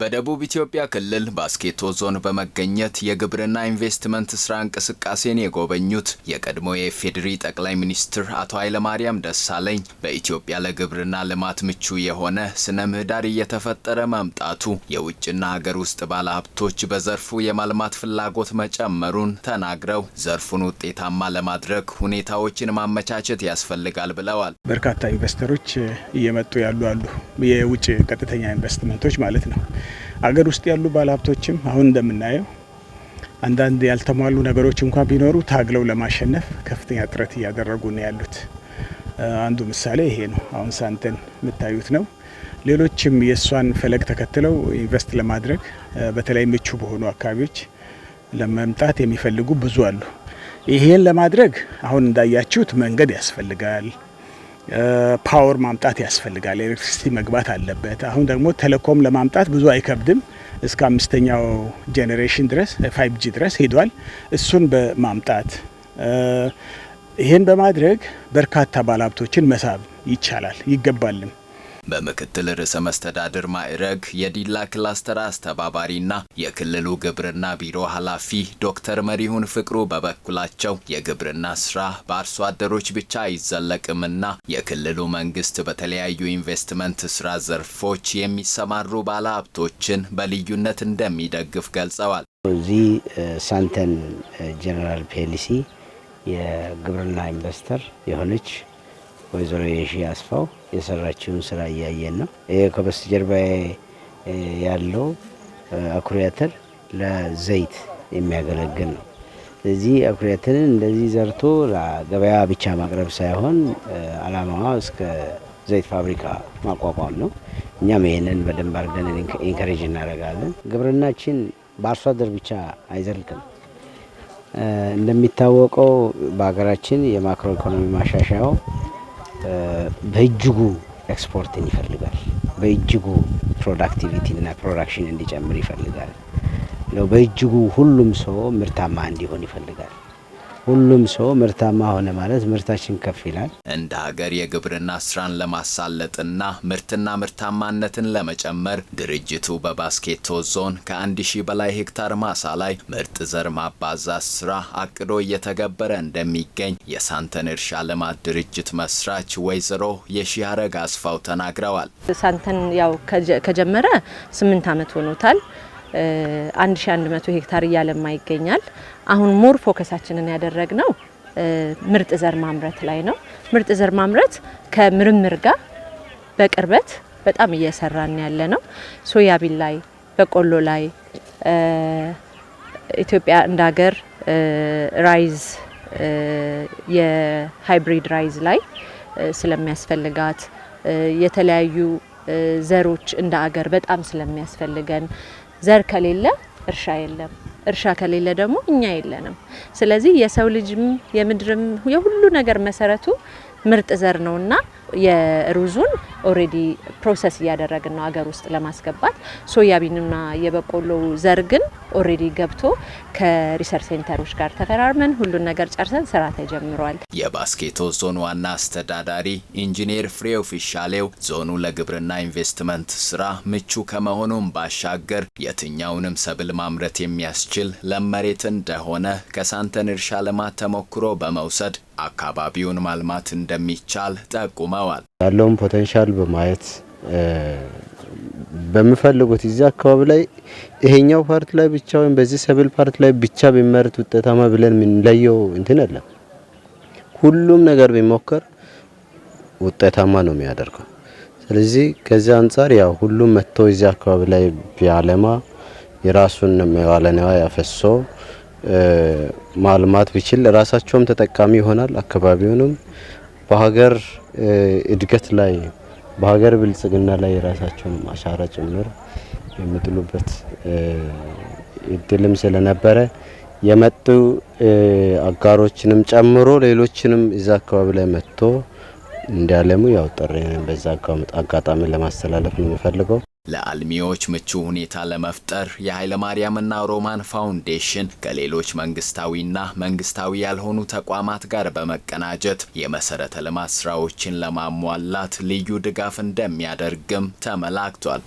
በደቡብ ኢትዮጵያ ክልል ባስኬቶ ዞን በመገኘት የግብርና ኢንቨስትመንት ስራ እንቅስቃሴን የጎበኙት የቀድሞ የኢፌዴሪ ጠቅላይ ሚኒስትር አቶ ኃይለማርያም ደሳለኝ በኢትዮጵያ ለግብርና ልማት ምቹ የሆነ ስነ ምህዳር እየተፈጠረ መምጣቱ የውጭና ሀገር ውስጥ ባለሀብቶች በዘርፉ የማልማት ፍላጎት መጨመሩን ተናግረው ዘርፉን ውጤታማ ለማድረግ ሁኔታዎችን ማመቻቸት ያስፈልጋል ብለዋል። በርካታ ኢንቨስተሮች እየመጡ ያሉ አሉ። የውጭ ቀጥተኛ ኢንቨስትመንቶች ማለት ነው። አገር ውስጥ ያሉ ባለሀብቶችም አሁን እንደምናየው አንዳንድ ያልተሟሉ ነገሮች እንኳን ቢኖሩ ታግለው ለማሸነፍ ከፍተኛ ጥረት እያደረጉ ነው ያሉት። አንዱ ምሳሌ ይሄ ነው። አሁን ሳንተን የምታዩት ነው። ሌሎችም የእሷን ፈለግ ተከትለው ኢንቨስት ለማድረግ በተለይ ምቹ በሆኑ አካባቢዎች ለመምጣት የሚፈልጉ ብዙ አሉ። ይሄን ለማድረግ አሁን እንዳያችሁት መንገድ ያስፈልጋል። ፓወር ማምጣት ያስፈልጋል። ኤሌክትሪሲቲ መግባት አለበት። አሁን ደግሞ ቴሌኮም ለማምጣት ብዙ አይከብድም። እስከ አምስተኛው ጄኔሬሽን ድረስ ፋይቭ ጂ ድረስ ሄዷል። እሱን በማምጣት ይህን በማድረግ በርካታ ባለሀብቶችን መሳብ ይቻላል ይገባልም። በምክትል ርዕሰ መስተዳድር ማዕረግ የዲላ ክላስተር አስተባባሪና የክልሉ ግብርና ቢሮ ኃላፊ ዶክተር መሪሁን ፍቅሩ በበኩላቸው የግብርና ስራ በአርሶ አደሮች ብቻ አይዘለቅምና የክልሉ መንግስት በተለያዩ ኢንቨስትመንት ስራ ዘርፎች የሚሰማሩ ባለሀብቶችን በልዩነት እንደሚደግፍ ገልጸዋል። እዚህ ሳንተን ጀነራል ፔሊሲ የግብርና ኢንቨስተር የሆነች ወይዘሮ የሺ አስፋው የሰራችውን ስራ እያየን ነው። ይህ ከበስተጀርባ ያለው አኩሪ አተር ለዘይት የሚያገለግል ነው። እዚህ አኩሪ አተርን እንደዚህ ዘርቶ ለገበያ ብቻ ማቅረብ ሳይሆን አላማዋ እስከ ዘይት ፋብሪካ ማቋቋም ነው። እኛም ይህንን በደንብ አድርገን ኢንከሬጅ እናደርጋለን። ግብርናችን በአርሶ አደር ብቻ አይዘልቅም። እንደሚታወቀው በሀገራችን የማክሮ ኢኮኖሚ ማሻሻያው በእጅጉ ኤክስፖርትን ይፈልጋል። በእጅጉ ፕሮዳክቲቪቲና ፕሮዳክሽን እንዲጨምር ይፈልጋል። በእጅጉ ሁሉም ሰው ምርታማ እንዲሆን ይፈልጋል። ሁሉም ሰው ምርታማ ሆነ ማለት ምርታችን ከፍ ይላል። እንደ ሀገር የግብርና ስራን ለማሳለጥና ምርትና ምርታማነትን ለመጨመር ድርጅቱ በባስኬቶ ዞን ከአንድ ሺህ በላይ ሄክታር ማሳ ላይ ምርጥ ዘር ማባዛት ስራ አቅዶ እየተገበረ እንደሚገኝ የሳንተን እርሻ ልማት ድርጅት መስራች ወይዘሮ የሺያረግ አስፋው ተናግረዋል። ሳንተን ያው ከጀመረ ስምንት ዓመት ሆኖታል። 1100 ሄክታር እያለማ ይገኛል። አሁን ሞር ፎከሳችንን ያደረግነው ምርጥ ዘር ማምረት ላይ ነው። ምርጥ ዘር ማምረት ከምርምር ጋር በቅርበት በጣም እየሰራን ያለ ነው። ሶያቢን ላይ፣ በቆሎ ላይ ኢትዮጵያ እንደ ሀገር ራይዝ የሃይብሪድ ራይዝ ላይ ስለሚያስፈልጋት የተለያዩ ዘሮች እንደ አገር በጣም ስለሚያስፈልገን ዘር ከሌለ እርሻ የለም፣ እርሻ ከሌለ ደግሞ እኛ የለንም። ስለዚህ የሰው ልጅም የምድርም የሁሉ ነገር መሰረቱ ምርጥ ዘር ነውና የሩዙን ኦሬዲ ፕሮሰስ እያደረግን ነው ሀገር ውስጥ ለማስገባት። ሶያቢንና የበቆሎ ዘር ግን ኦሬዲ ገብቶ ከሪሰርች ሴንተሮች ጋር ተፈራርመን ሁሉን ነገር ጨርሰን ስራ ተጀምሯል። የባስኬቶ ዞን ዋና አስተዳዳሪ ኢንጂኒር ፍሬው ፊሻሌው ዞኑ ለግብርና ኢንቨስትመንት ስራ ምቹ ከመሆኑም ባሻገር የትኛውንም ሰብል ማምረት የሚያስችል ለመሬት እንደሆነ ከሳንተን እርሻ ልማት ተሞክሮ በመውሰድ አካባቢውን ማልማት እንደሚቻል ጠቁመው ገልጸዋል። ያለውን ፖቴንሻል በማየት በሚፈልጉት እዚህ አካባቢ ላይ ይሄኛው ፓርት ላይ ብቻ ወይም በዚህ ሰብል ፓርት ላይ ብቻ ቢመረት ውጤታማ ብለን የምንለየው እንትን የለም። ሁሉም ነገር ቢሞከር ውጤታማ ነው የሚያደርገው። ስለዚህ ከዚህ አንጻር ያው ሁሉም መጥቶ እዚህ አካባቢ ላይ ቢያለማ የራሱን መዋለ ንዋይ ያፈሶ ማልማት ቢችል ራሳቸውም ተጠቃሚ ይሆናል አካባቢውንም በሀገር እድገት ላይ በሀገር ብልጽግና ላይ የራሳቸውን አሻራ ጭምር የሚጥሉበት እድልም ስለነበረ የመጡ አጋሮችንም ጨምሮ ሌሎችንም እዛ አካባቢ ላይ መጥቶ እንዲያለሙ ያው በዛ አጋጣሚ ለማስተላለፍ ነው የምፈልገው። ለአልሚዎች ምቹ ሁኔታ ለመፍጠር የኃይለ ማርያምና ሮማን ፋውንዴሽን ከሌሎች መንግስታዊና መንግስታዊ ያልሆኑ ተቋማት ጋር በመቀናጀት የመሰረተ ልማት ስራዎችን ለማሟላት ልዩ ድጋፍ እንደሚያደርግም ተመላክቷል።